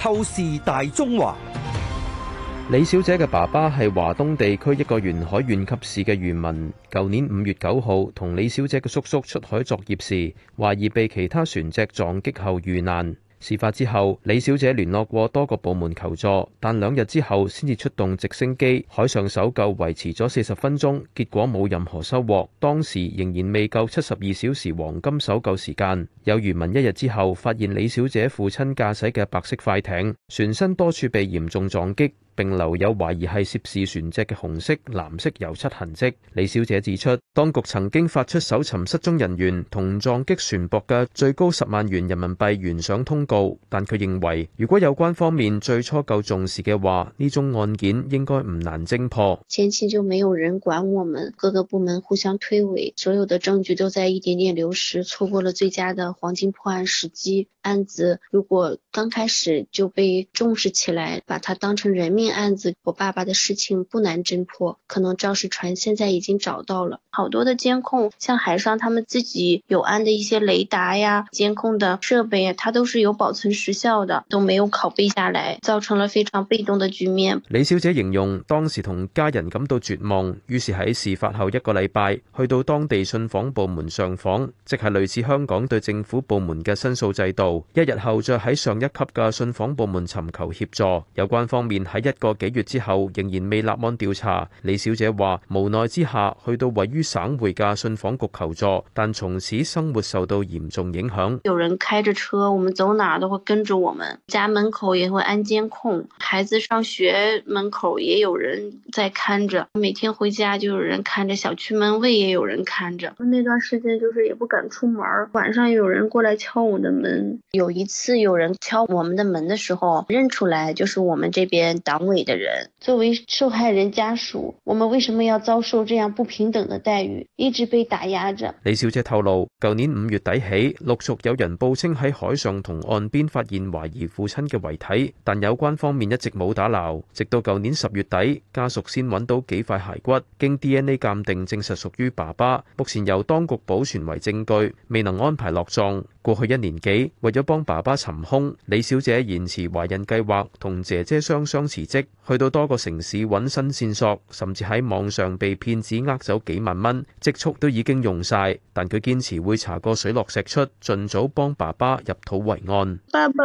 透視大中華。李小姐嘅爸爸係華東地區一個沿海縣級市嘅漁民。舊年五月九號，同李小姐嘅叔叔出海作業時，懷疑被其他船隻撞擊後遇難。事發之後，李小姐聯絡過多個部門求助，但兩日之後先至出動直升機海上搜救，維持咗四十分鐘，結果冇任何收穫。當時仍然未夠七十二小時黃金搜救時間。有漁民一日之後發現李小姐父親駕駛嘅白色快艇，船身多處被嚴重撞擊。並留有懷疑係涉事船隻嘅紅色、藍色油漆痕跡。李小姐指出，當局曾經發出搜尋失蹤人員同撞擊船舶嘅最高十萬元人民幣懸賞通告，但佢認為，如果有關方面最初夠重視嘅話，呢宗案件應該唔難偵破。前期就沒有人管我們，各個部門互相推諉，所有的證據都在一點點流失，錯過了最佳的黃金破案時機。案子如果剛開始就被重視起來，把它當成人命。案子我爸爸的事情不難偵破，可能肇事船現在已經找到了，好多的監控，像海上他們自己有安的一些雷達呀、監控的設備啊，它都是有保存時效的，都沒有拷貝下來，造成了非常被動的局面。李小姐形容當時同家人感到絕望，於是喺事發後一個禮拜去到當地信訪部門上訪，即係類似香港對政府部門嘅申訴制度。一日後再喺上一級嘅信訪部門尋求協助，有關方面喺一。一個幾月之後仍然未立案調查，李小姐話無奈之下去到位於省會嘅信訪局求助，但從此生活受到嚴重影響。有人開着車，我們走哪都會跟着我們。家門口也會安監控，孩子上學門口也有人在看着。每天回家就有人看着，小區門衛也有人看着。那段時間就是也不敢出門，晚上有人過來敲我的門。有一次有人敲我們的門的時候，認出來就是我們這邊黨。的人，作為受害人家屬，我們為什麼要遭受這樣不平等的待遇？一直被打壓着。李小姐透露，舊年五月底起，陸續有人報稱喺海上同岸邊發現懷疑父親嘅遺體，但有關方面一直冇打撈。直到舊年十月底，家屬先揾到幾塊骸骨，經 DNA 鑒定證實屬於爸爸。目前由當局保存為證據，未能安排落葬。過去一年幾，為咗幫爸爸尋凶，李小姐延遲懷孕計劃，同姐姐雙雙辭職，去到多個城市揾新線索，甚至喺網上被騙子呃走幾萬蚊，積蓄都已經用晒。但佢堅持會查個水落石出，盡早幫爸爸入土為安。爸爸。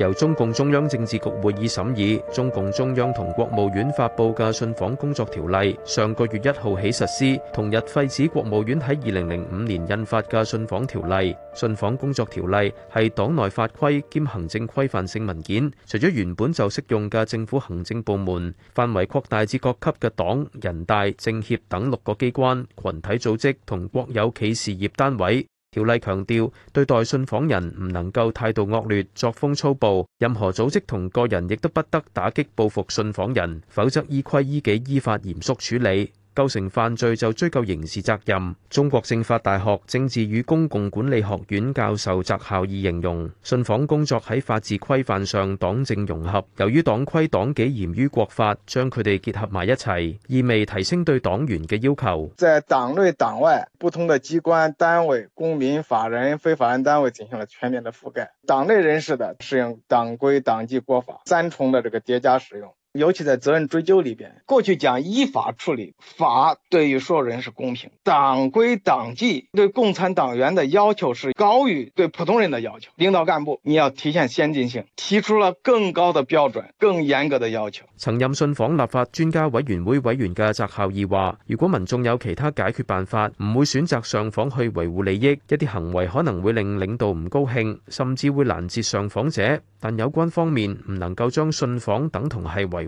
由中共中央政治局會議審議，中共中央同國務院發布嘅信訪工作條例，上個月一號起實施，同日廢止國務院喺二零零五年印發嘅信訪條例。信訪工作條例係黨內法規兼行政規範性文件，除咗原本就適用嘅政府行政部門，範圍擴大至各級嘅黨、人大、政協等六個機關、群體組織同國有企事業單位。條例強調，對待信訪人唔能夠態度惡劣、作風粗暴，任何組織同個人亦都不得打擊報復信訪人，否則依規依紀依法嚴肅處理。構成犯罪，就追究刑事責任。中國政法大學政治與公共管理學院教授翟校義形容，信訪工作喺法治規範上黨政融合，由於黨規黨紀嚴於國法，將佢哋結合埋一齊，意味提升對黨員嘅要求。在黨內黨外，不同的機關單位、公民、法人、非法人單位進行了全面的覆蓋，黨內人士的適用黨規黨紀國法三重的這個疊加使用。尤其在責任追究裏邊，過去講依法處理，法對於所有人是公平。黨規黨紀對共產黨員的要求是高於對普通人的要求。領導幹部你要體現先進性，提出了更高的標準，更嚴格的要求。曾任信訪立法專家委員會委員嘅翟孝義話：如果民眾有其他解決辦法，唔會選擇上訪去維護利益，一啲行為可能會令領導唔高興，甚至會攔截上訪者。但有關方面唔能夠將信訪等同係維。